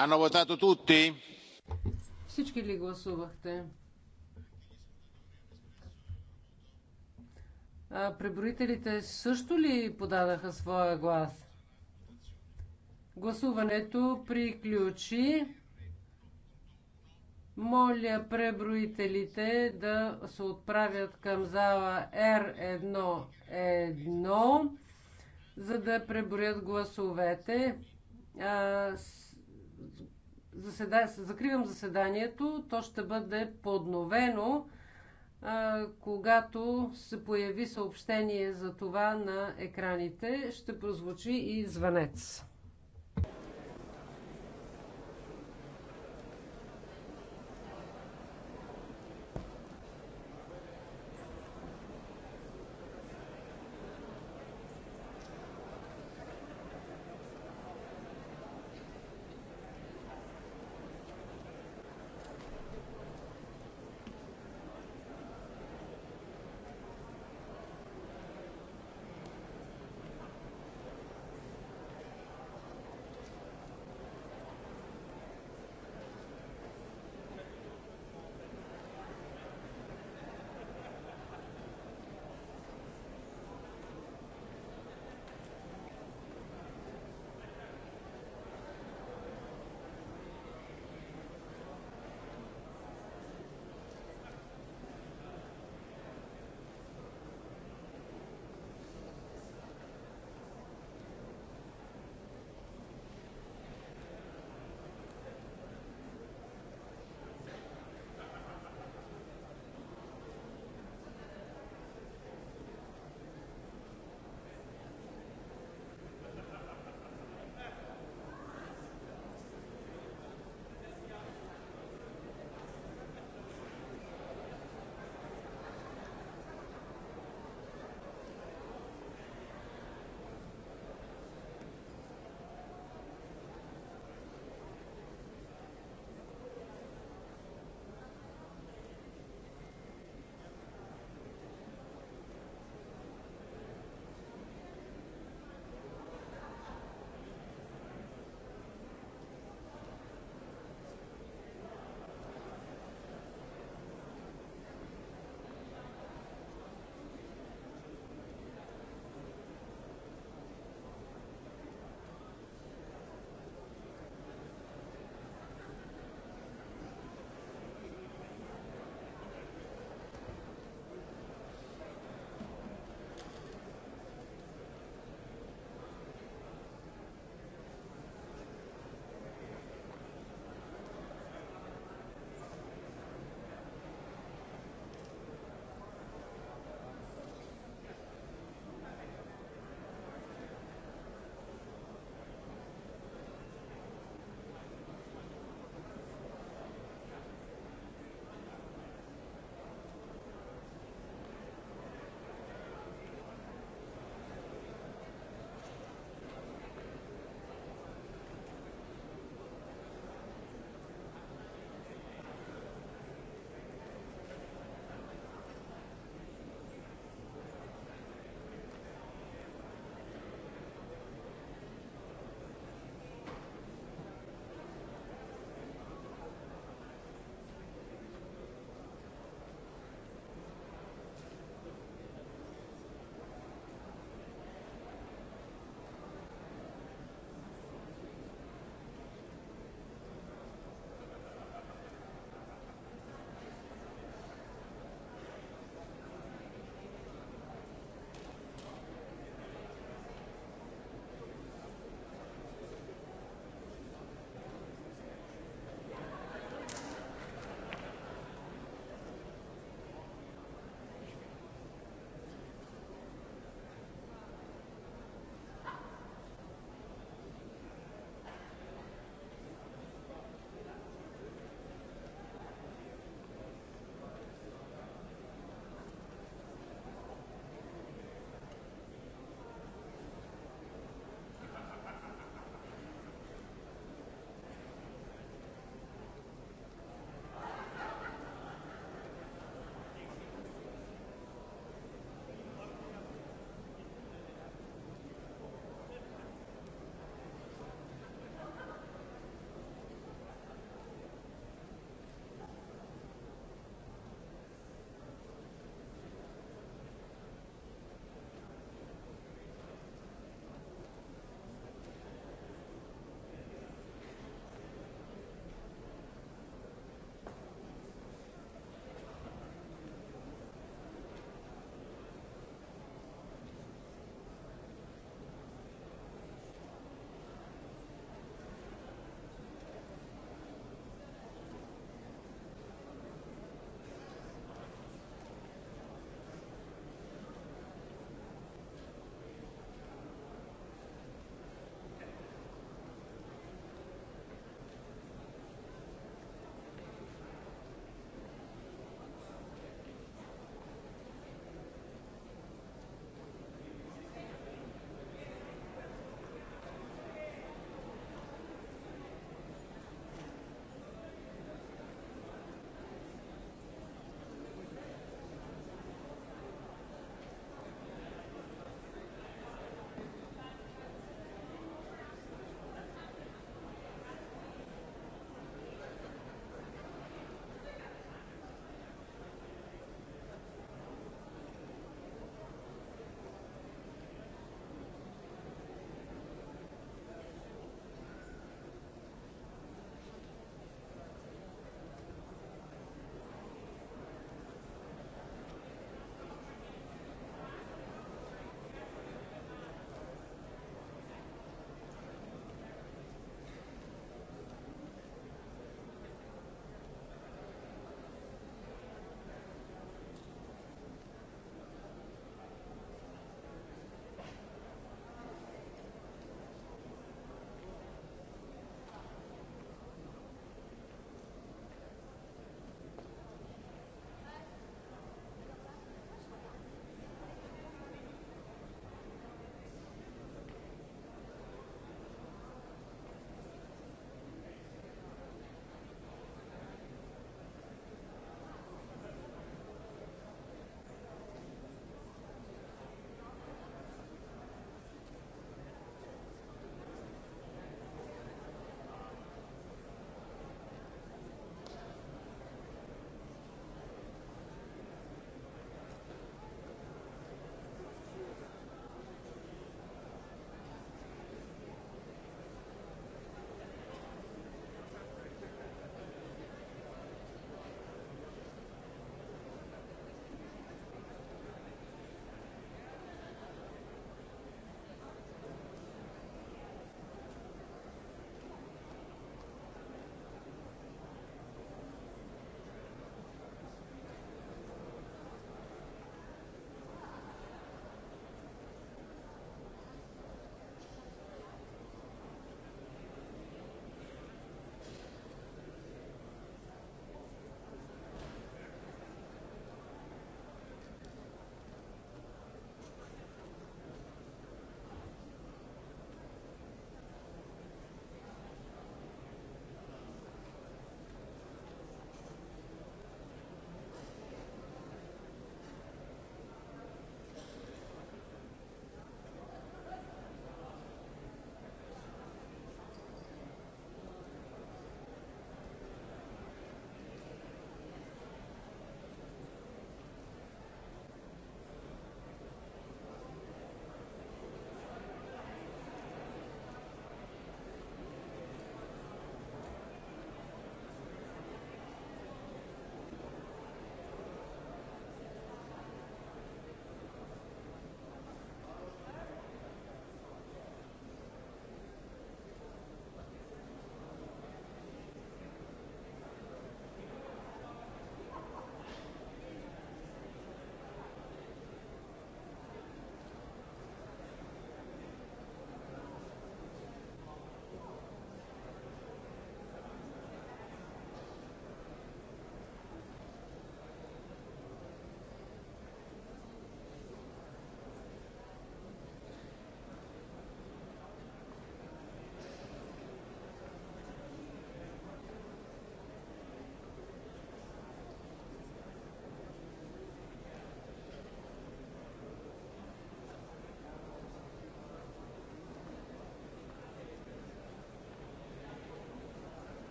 Hanno votato tutti? Всички ли гласувахте? А, преброителите също ли подадаха своя глас? Гласуването приключи. Моля преброителите да се отправят към зала r 11 за да преброят гласовете. А, заседа... закривам заседанието. То ще бъде подновено, а, когато се появи съобщение за това на екраните. Ще прозвучи и звънец.